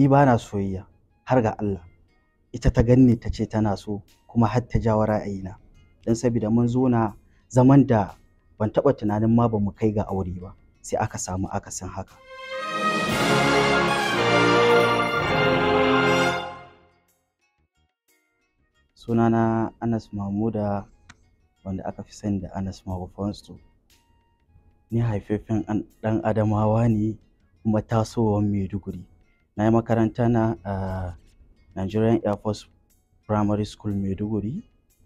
ni ba na soyayya har ga Allah ita ta ganni ta ce tana so kuma har ta jawo ra'ayina dan saboda mun zo na zaman da ban taɓa tunanin ma bamu kai ga aure ba sai aka samu akasin haka sunana anas mahmuda wanda aka fi sani da anas mahufansu ni haifaffen ɗan adamawa ne kuma tasowar maiduguri na yi makaranta na a Nigerian Air Force Primary School Maiduguri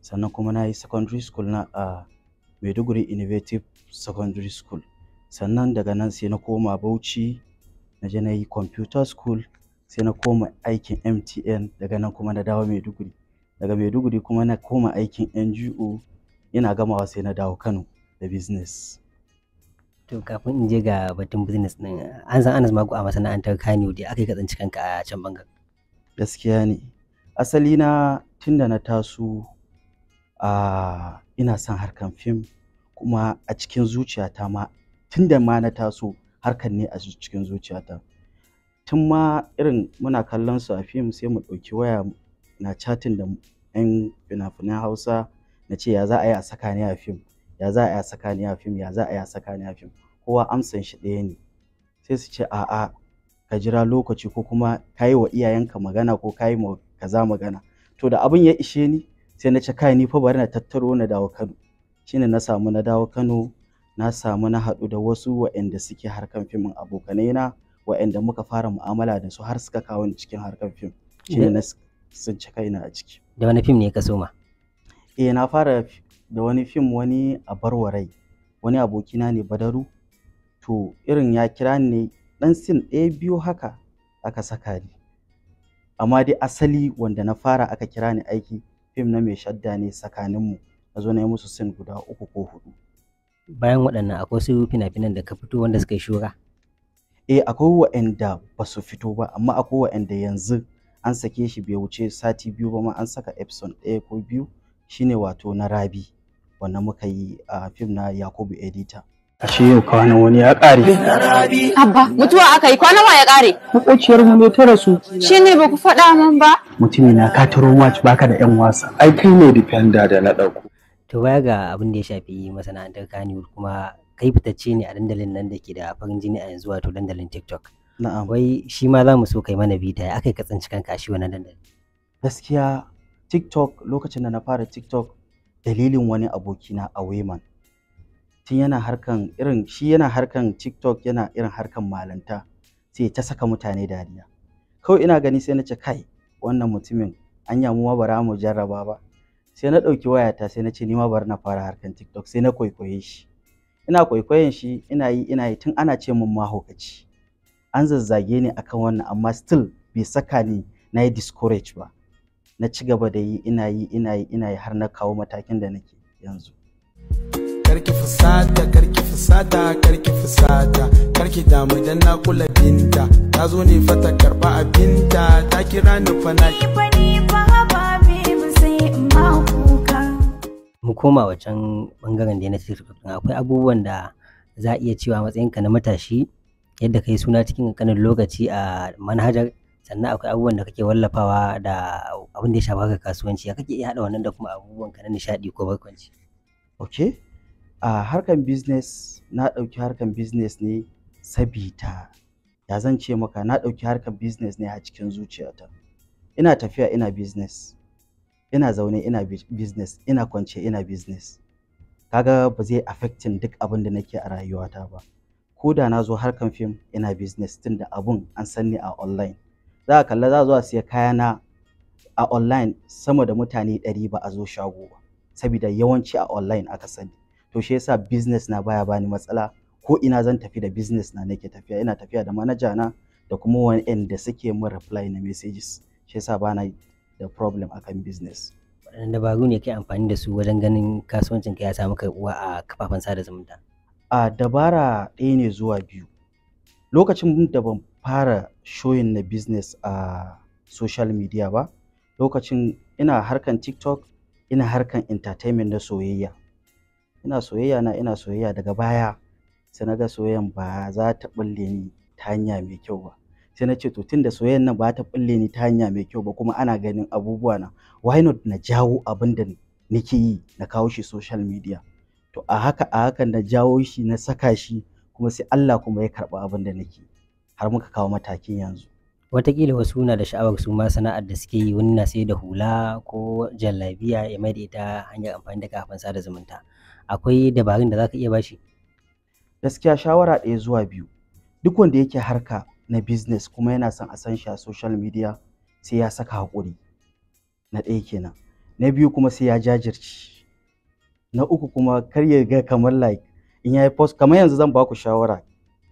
sannan kuma na yi secondary school na a Maiduguri Innovative Secondary School sannan daga nan sai na koma Bauchi na je na yi computer school sai na koma aikin MTN daga nan kuma na dawo Maiduguri daga Maiduguri kuma na koma aikin NGO ina gamawa sai na dawo Kano da business to kafin in je ga batun business din an san Anas Magu a masana'antar Kano da aka yi katsanci kanka a can bangar. gaskiya ne asali na tunda na taso a ina son harkan fim kuma a cikin zuciyata ma tunda ma na taso harkan ne a cikin zuciyata tun ma irin muna kallon su a fim sai mu ɗauki waya na chatin da 'yan fina-finan Hausa na ce ya za a yi a saka ni a fim ya za a yi a saka ni a fim ya za a yi a saka ni a fim kowa amsan shi ɗaya ne sai su ce a'a ka jira lokaci ko kuma ka yi wa iyayenka magana ko ka yi kaza magana to da abin ya ishe ni sai na ce kai ni fa bari na tattaro na dawo Kano shine na samu na dawo Kano na samu na haɗu da wasu waɗanda suke harkan fim abokanai na waɗanda muka fara mu'amala da su har suka kawo ni cikin harkan fim shine na tsinci kaina a ciki da wani fim ne ka soma eh na fara da wani fim wani a barwarai wani abokina ne badaru to irin ya kira ni ɗan sin ɗaya biyu haka aka saka ni amma dai asali wanda na fara aka kira ni aiki fim na mai shadda ne tsakaninmu na zo na yi musu sin guda uku ko hudu bayan waɗannan akwai su fina-finan da ka fito wanda suka yi shura eh akwai wa'anda ba su fito ba amma akwai wa'anda yanzu an sake shi bai wuce sati biyu ba ma an saka epson ɗaya ko biyu shine wato na rabi wannan muka yi a fim na yakubu editor Ashe yau kwanan wani ya ƙare. Abba, mutuwa aka yi kwanan ya ƙare. Makociyar mu ne ta rasu. Shi ne ba faɗa min ba. Mutumi na ka taro ba baka da ƴan wasa. Ai kai ne defender da na ɗauko. To baya ga abin da ya shafi masana'antar kani kuma kai fitacce ne a dandalin nan da ke da farin jini a yanzu wato dandalin TikTok. Na'am. Wai shi ma za mu so kai mana bita ya aka yi katsanci kanka a shi wannan dandalin. Gaskiya TikTok lokacin da na fara TikTok dalilin wani abokina a Wayman. tun yana harkan irin shi yana harkan tiktok yana irin harkan malanta sai ta saka mutane dariya kawai ina gani sai na ce kai wannan mutumin an yamu ma bara mu jarraba ba sai na ɗauki wayata sai na ce ni ma bari na fara harkan tiktok sai na kwaikwaye shi ina kwaikwayon shi ina yi ina yi tun ana ce min mahaukaci an zazzage ni akan wannan amma still bai saka ni na yi discourage ba na ci gaba da yi ina yi ina yi ina yi har na kawo matakin da nake yanzu. karki fusata karki fusata karki fusata karki damu dan na kula binta ta zo ne fa ta karba abinta ta kira ni fa na ki mu ma Mu koma wacan bangaren da na ce akwai abubuwan da za a iya cewa matsayinka na matashi yadda ka suna cikin kanin lokaci a manhajar sannan akwai abubuwan da kake wallafawa da abin da ya shafa ka kasuwanci ya kake iya hada wannan da kuma abubuwan ka na nishaɗi ko barkwanci. Okay. a harkan business na ɗauki harkan business ne sabita ya zan ce maka na ɗauki harkan business ne a cikin zuciyata ina tafiya ina business ina zaune ina business ina kwance ina business kaga ba zai affecting duk abin da nake a rayuwata ba ko da na zo harkan fim ina business tun da abun an san ni a online za a kalla za a siya kayana a online sama da mutane 100 ba a zo shago ba saboda yawanci a online aka sani to shi yasa business na baya bani matsala ko ina zan tafi da business na nake tafiya ina tafiya da manager na da kuma da suke mun reply na messages shi yasa bana da problem akan business waɗannan dabaru ne kai amfani da su wajen ganin kasuwancin ka ya samu karbuwa a kafafen sada zumunta a dabara ɗaya ne zuwa biyu lokacin da ban fara showing na business a social media ba lokacin ina harkan tiktok ina harkan entertainment na soyayya ina soyayya na ina soyayya daga baya sai na ga soyayyan ba za ta bulle ni ta hanya mai kyau ba sai na ce to tunda soyayyan nan ba ta bulle ni ta hanya mai kyau ba kuma ana ganin abubuwa na why not na jawo abin da nake yi na kawo shi social media to a haka a haka na jawo shi na saka shi kuma sai Allah kuma ya karɓi abin da nake har muka kawo matakin yanzu Wataƙila wasu na da sha'awar su ma sana'ar da suke yi wani na sai da hula ko jallabiya ya mai da ita hanyar amfani da kafin sada zumunta akwai dabarun da za ka iya bashi gaskiya shawara ɗaya zuwa biyu duk wanda yake harka na business kuma yana son a san shi a social media sai ya saka haƙuri na ɗaya kenan na biyu kuma sai ya jajirci na uku kuma kar ya ga kamar like in ya yi post kamar yanzu zan baku shawara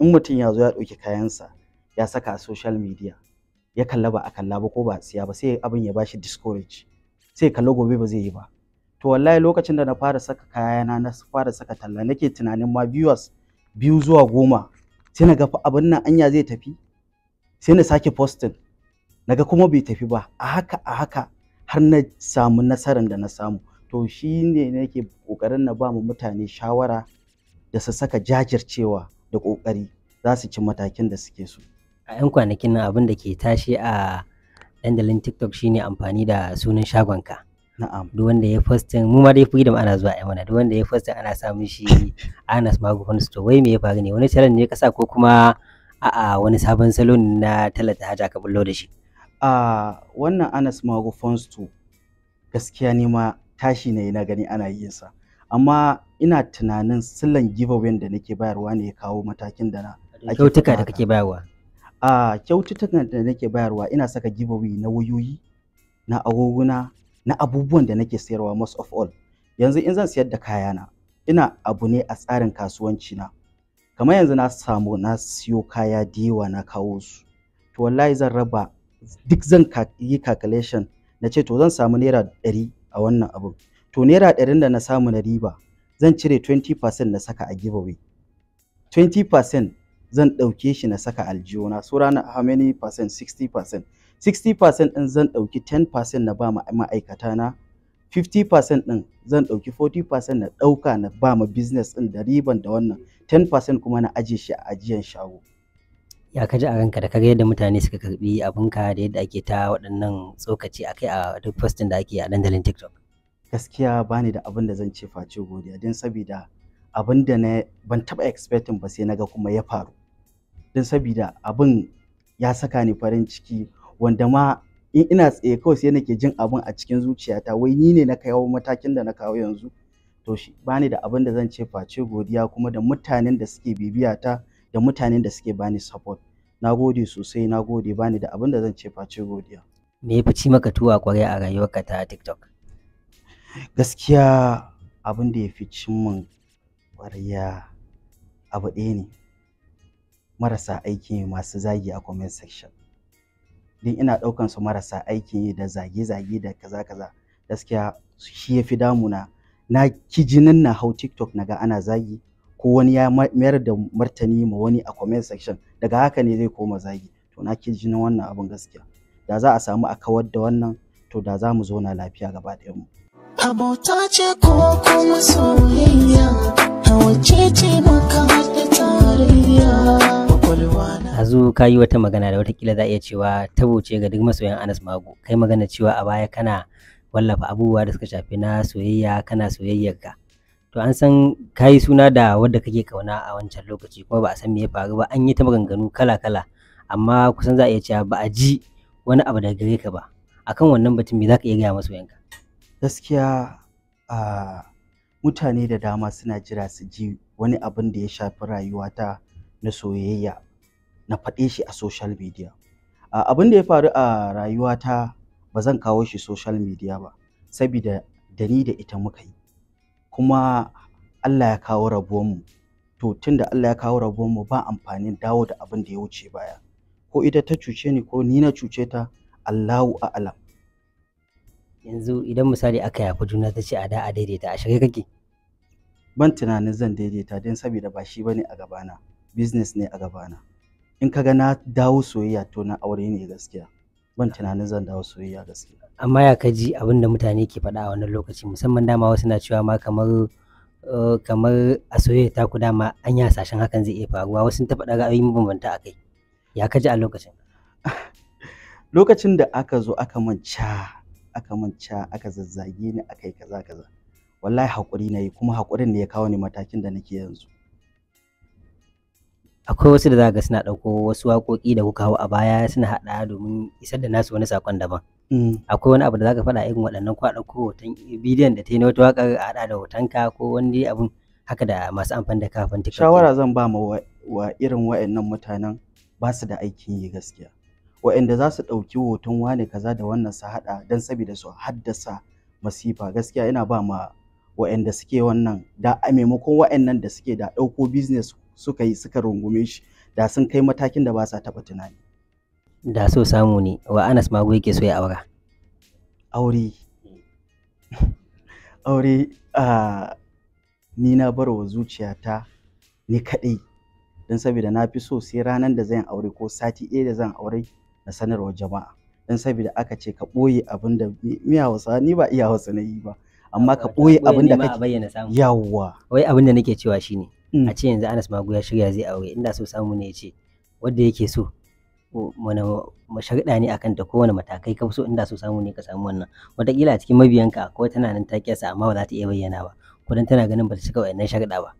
in mutum ya zo ya ɗauki kayansa ya saka a social media ya kalla ba a kalla ba ko ba a siya ba sai abin ya bashi discourage sai kalla gobe ba zai yi ba to wallahi lokacin da na fara saka kayana na fara saka talla nake tunanin ma viewers biyu zuwa goma sai na ga abin nan anya zai tafi sai na sake posting naga kuma bai tafi ba a haka a haka har na samu nasarar da na samu to shi ne nake kokarin na ba mu mutane shawara da su saka jajircewa da kokari za su ci matakin da suke so a 'yan kwanakin nan abin da ke tashi a dandalin tiktok shine amfani da sunan shagonka na'am duk wanda ya fasting mu ma dai freedom ana zuwa ai mana duk wanda ya fasting ana samun shi Anas Magufan Store wai me ya faru ne wani challenge ne kasa ko kuma a'a wani sabon salon na talata haja ka bullo da shi a wannan Anas Magufan Store gaskiya ne ma tashi ne na gani ana yin sa amma ina tunanin sillan giveaway da nake bayarwa ne ya kawo matakin da na kyautuka da kake bayarwa a kyaututtukan da nake bayarwa ina saka giveaway na wayoyi na agoguna na abubuwan da nake sayarwa most of all yanzu in zan sayar da kayana ina abu ne a tsarin kasuwanci na kamar yanzu na samu na siyo kaya da yawa na kawo su to wallahi zan raba duk zan yi calculation na ce to zan samu naira ɗari a wannan abin to naira ɗarin da na samu na riba zan cire 20% na saka a giveaway 20% zan ɗauke shi na saka aljihuna so rana how many percent 60% 60% ɗin zan ɗauki 10% na ba ma'aikata na 50% ɗin zan ɗauki 40% na ɗauka na ba ma business ɗin da riban da wannan 10% kuma na ajiye shi a ajiyan shago. Ya ka a ranka da kaga yadda mutane suka karbi abinka da yadda ake ta waɗannan tsokaci akai a duk postin da ake a dandalin TikTok. Gaskiya bani da abin da zan ce face godiya don sabida abin da na ban taɓa expecting ba sai naga kuma ya faru. Don sabida abin ya saka ni farin ciki wanda ma in ina tsaye kawai sai nake jin abin a cikin zuciyata wai ni ne na kawo matakin da na kawo yanzu to shi bani da abin da zan ce face godiya kuma da mutanen da suke bibiya da mutanen da suke bani support na gode sosai na gode bani da abin da zan ce face godiya me ya ci maka tuwa kwarai a rayuwarka ta tiktok gaskiya abin da ya fi cin min kwarya abu ɗaya ne marasa aiki masu zagi a comment section duk ina ɗaukan su marasa aikin yi da zage-zage da kaza-kaza gaskiya shi ya fi damuna na ki jinin na hau tiktok na ga ana zagi ko wani ya mayar da martani ma wani a comment section daga haka ne zai koma zagi to na ki jinin wannan abin gaskiya da za a samu a kawar da wannan to da za mu zauna lafiya gaba ɗayan mu. abota ce ko kuma soyayya wacce ce maka yanzu ka yi wata magana da watakila za a iya cewa ta ce ga duk masoyan Anas Mago kai magana cewa a baya kana wallafa abubuwa da suka shafi na soyayya kana soyayyar ka to an san ka yi suna da wadda kake kauna a wancan lokaci kuma ba a san me ya faru ba an yi ta maganganu kala kala amma kusan za a iya cewa ba a ji wani abu daga gare ka ba akan wannan batun me za ka iya gaya masoyanka gaskiya a mutane da dama suna jira su ji wani abin da ya shafi rayuwata na soyayya na faɗe shi a social media abin da ya faru a rayuwata ba zan kawo shi social media ba saboda da ni da ita muka yi kuma Allah ya kawo rabuwanmu to tunda Allah ya kawo mu, ba amfanin dawo da abin da ya wuce baya ko ita ta cuce ni ko ni na cuce ta Allahu a'lam yanzu idan misali aka yafi juna ta ce a da a daidaita a shirye kake ban tunanin zan daidaita don saboda ba shi bane a gabana business ne a gabana in ka ga na dawo soyayya to na aure ne gaskiya ban tunanin zan dawo soyayya gaskiya amma ya ka ji abin da mutane ke faɗa a wannan lokaci musamman dama wasu na cewa ma kamar eh, kamar a soyayya ta ku dama an yi hasashen hakan zai iya faruwa wasu ta faɗa abin bambanta a kai ya ka ji a lokacin lokacin da aka zo aka manca aka manca aka zazzage ni aka yi kaza kaza wallahi haƙuri na yi kuma haƙurin ne ya kawo ni matakin da nake yanzu akwai wasu da za ga suna ɗauko wasu waƙoƙi da kuka hau a baya suna haɗa domin isar da nasu wani sakon daban mm. akwai wani abu da za ka faɗa irin waɗannan kwa ɗauko hoton bidiyon da ta yi na wata waƙar a haɗa da hotonka ko wani abun haka da masu amfani da kafin tiktok shawara zan ba ma wa irin wa'annan mutanen ba su da aikin yi gaskiya wa'anda za su ɗauki hoton wani kaza da wannan su haɗa don saboda su haddasa masifa gaskiya ina ba ma wa'anda suke wannan da a maimakon wa'annan da suke da ɗauko business suka yi suka rungume shi da sun kai matakin da ba sa taɓa tunani. Da so samu ne wa Anas Mago yake so ya aura. Aure. Aure ni na bar wa zuciyata ni kaɗai don saboda na fi so sai ranar da zan aure ko sati ɗaya da zan aure na sanarwa jama'a don saboda aka ce ka ɓoye abin da miya wasa ni ba iya wasa na yi ba amma ka ɓoye abin da kake yawwa wai abin da nake cewa shine Mm. a ce yanzu Anas Magu ya shirya zai aure inda so samu ne ya ce wanda yake so wani masharɗa ne akan ta kowane matakai ka so inda so samu ne ka samu wannan wataƙila a cikin mabiyanka ko tana nan ta kyasa amma ba za ta iya bayyana ba kudin tana ganin ba ta cika wayannan sharɗa ba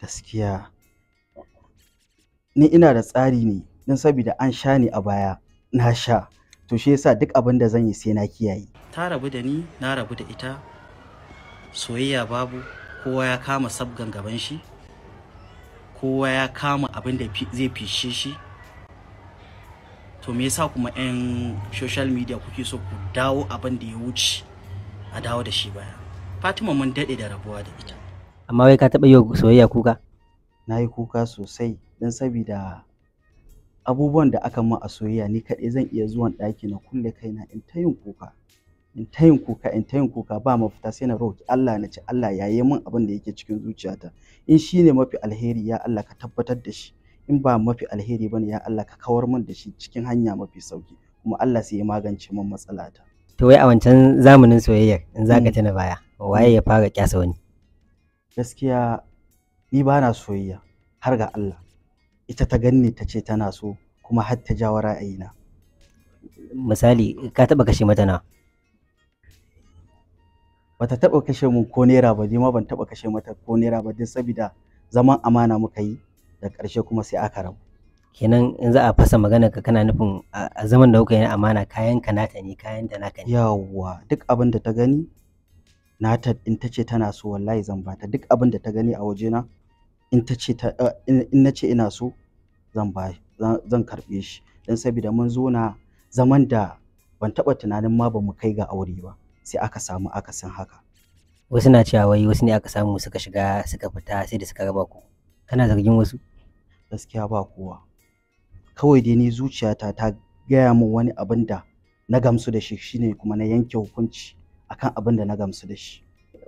gaskiya ni ina da tsari ne don saboda an sha ni a baya na sha to shi yasa duk abin da zan yi sai na kiyaye ta rabu da ni na rabu da ita soyayya babu kowa ya kama sabgan gaban shi kowa ya kama abin da zai fishe shi to me yasa kuma 'yan social media kuke so ku dawo abin da ya wuce a dawo da shi baya fatima mun daɗe da rabuwa da ita amma wai ka taɓa yi soyayya kuka na yi kuka sosai don sabida abubuwan da aka ma a soyayya ni kaɗai zan iya zuwan ɗaki na kulle kaina in ta yin kuka in ta yin kuka in ta yin kuka ba mafita sai na roki Allah na ce Allah ya yi min abin da yake cikin zuciyata in shi ne mafi alheri ya Allah ka tabbatar da shi in ba mafi alheri bane ya Allah ka kawar min da shi cikin hanya mafi sauki kuma Allah sai ya magance min matsalata to wai a wancan zamanin soyayya in ka mm. tana baya waye ya fara kyasa wani gaskiya ni ba na soyayya har ga Allah ita ta ganni ta ce tana so kuma har ta jawo ra'ayina misali ka taba kashe mata na bata taɓa kashe mun ko naira ba ni ma ban taɓa kashe mata ko naira ba don saboda zaman amana muka yi da ƙarshe kuma sai aka rabu kenan in za a fasa magana ka kana nufin a zaman da kuka yi na amana kayan ka nata ne kayan da naka ne yawwa duk abin da ta gani nata in ta ce tana so wallahi zan ba ta. duk abin da ta gani a wajena in ta ce ta eh, in na ce ina so zan ba zan karɓe shi don saboda mun zo na zaman da ban taɓa tunanin ma ba mu kai ga aure ba sai aka samu akasin haka wasu na cewa wai wasu ne aka samu suka shiga suka fita sai da suka raba ku kana zargin wasu gaskiya ba kowa kawai dai ni zuciyata ta gaya min wani abin da na gamsu da shi shine kuma na yanke hukunci akan abin da na gamsu da shi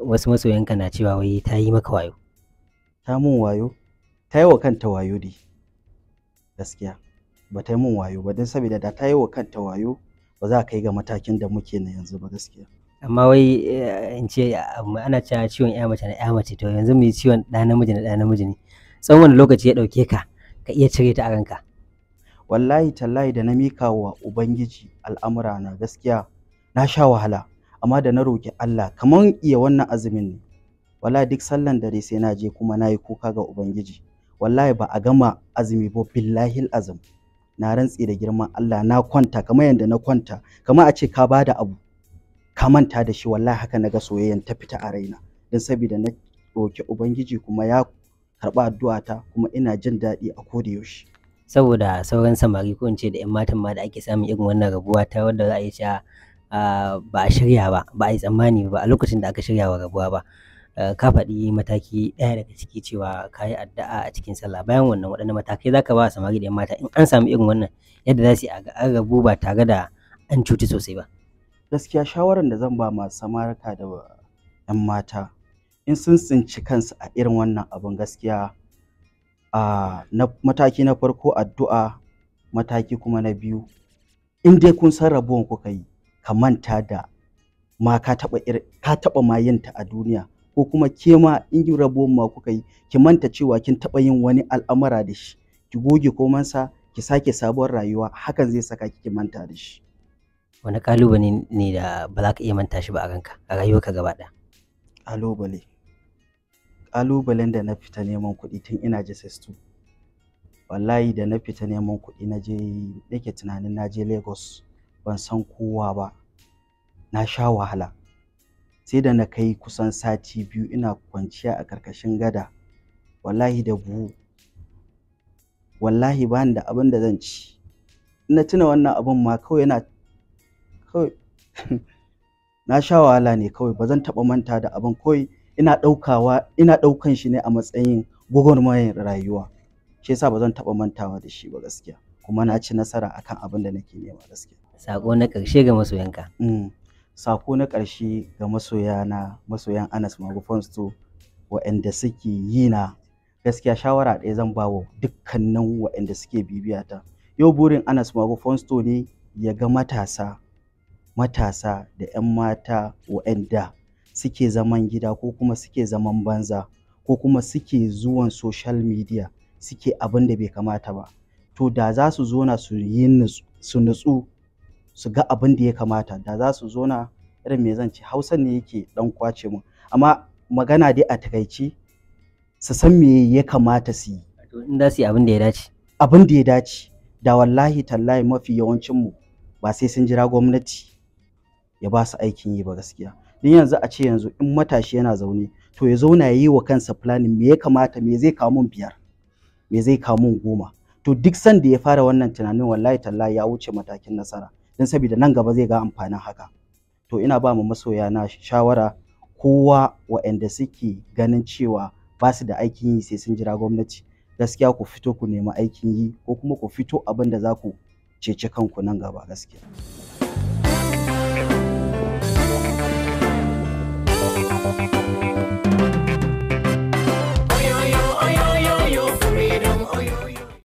wasu masoyanka na cewa wai ta yi maka wayo ta mun wayo ta yi wa kanta wayo dai gaskiya ba ta yi mun wayo ba don saboda da ta yi wa kanta wayo ba za a kai ga matakin da muke na yanzu ba gaskiya amma wai eh, in ce ana cewa ciwon ya mace na ya mace to yanzu mu yi ciwon ɗa namiji na ɗa namiji ne tsawon wani lokaci ya ɗauke ka ka iya cire ta a ranka wallahi tallahi da na mika wa ubangiji al'amura na gaskiya na sha wahala amma da na roki Allah kamar iya wannan azumin ne wallahi duk sallan dare sai na je kuma na yi kuka ga ubangiji wallahi ba a gama azumi ba billahi azum na rantsi da girman Allah na kwanta kamar yadda na kwanta kamar a ce ka bada abu ka manta da shi wallahi haka naga soyayyan ta fita a raina don saboda na roki ubangiji kuma ya addu'a ta kuma ina jin daɗi a koda yaushe saboda sauran samari ko in ce da 'yan matan ma da ake samun irin wannan rabuwa ta wanda za a yi cewa ba a shirya ba ba a yi tsammani ba a lokacin da aka shirya wa rabuwa ba ka faɗi mataki ɗaya daga ciki cewa ka yi addu'a a cikin sallah bayan wannan waɗannan matakai za ka ba samari da mata in an samu irin wannan yadda za su yi a rabu ba tare da an cuti sosai ba gaskiya shawaran da zan ba masu samarka da 'yan mata in sun tsinci kansu a irin wannan abin gaskiya a mataki na farko addu'a mataki kuma na biyu in dai kun san rabuwan kuka yi ka manta da ma ka taɓa ka taba ma yin ta a duniya ko kuma ke ma in yi rabuwan ma kuka yi ki manta cewa kin taɓa yin wani al'amara da shi ki goge komansa ki sake sabuwar rayuwa hakan zai saka ki manta da shi wani ƙalubale ne da ba za ka iya manta shi ba a ranka a rayuwarka gaba ɗaya ƙalubale ƙalubalen da na fita neman kuɗi tun ina jss2 wallahi da na fita neman kuɗi na je nake tunanin na je lagos ban san kowa ba na sha wahala sai da na kai kusan sati biyu ina kwanciya a ƙarƙashin gada wallahi da buhu wallahi ba da abin da zan ci Ina tuna wannan abin ma kawai yana kawai na sha wahala ne kawai ba zan taɓa manta da abin kawai ina ɗaukawa ina ɗaukan shi ne a matsayin gwagwarmayar rayuwa shi yasa ba zan taɓa mantawa da shi ba gaskiya kuma na ci nasara akan abin da nake nema gaskiya sako na ƙarshe ga masoyanka mm. sako na ƙarshe ga na masoyan Anas Magufans to waɗanda suke yi na gaskiya shawara ɗaya zan ba wa dukkanin waɗanda suke bibiya ta yau burin Anas Magufans to ne ya ga matasa matasa da 'yan mata waanda suke zaman gida ko kuma suke zaman banza ko kuma suke zuwan social media suke abin da bai kamata ba to da za su zona su yi su nutsu su ga abin da ya kamata da za su zona irin me zan ce hausa ne yake dan kwace mu amma magana dai a takaici su san me ya kamata su yi in za su yi abin da ya dace abin da ya dace da wallahi tallahi mafi yawancin mu ba sai sun jira gwamnati ya ba su aikin yi ba gaskiya don yanzu a ce yanzu in matashi yana zaune to ya zauna ya yi wa kansa planning me ya kamata me zai kawo mun biyar me zai kawo mun goma to duk sanda ya fara wannan tunanin wallahi tallahi ya wuce matakin nasara don saboda nan gaba zai ga amfanin haka to ina ba mu masoya na shawara kowa waɗanda suke ganin cewa ba su da aikin yi sai sun jira gwamnati gaskiya ku fito ku nemi aikin yi ko kuma ku fito abin da za ku ceci kanku nan gaba gaskiya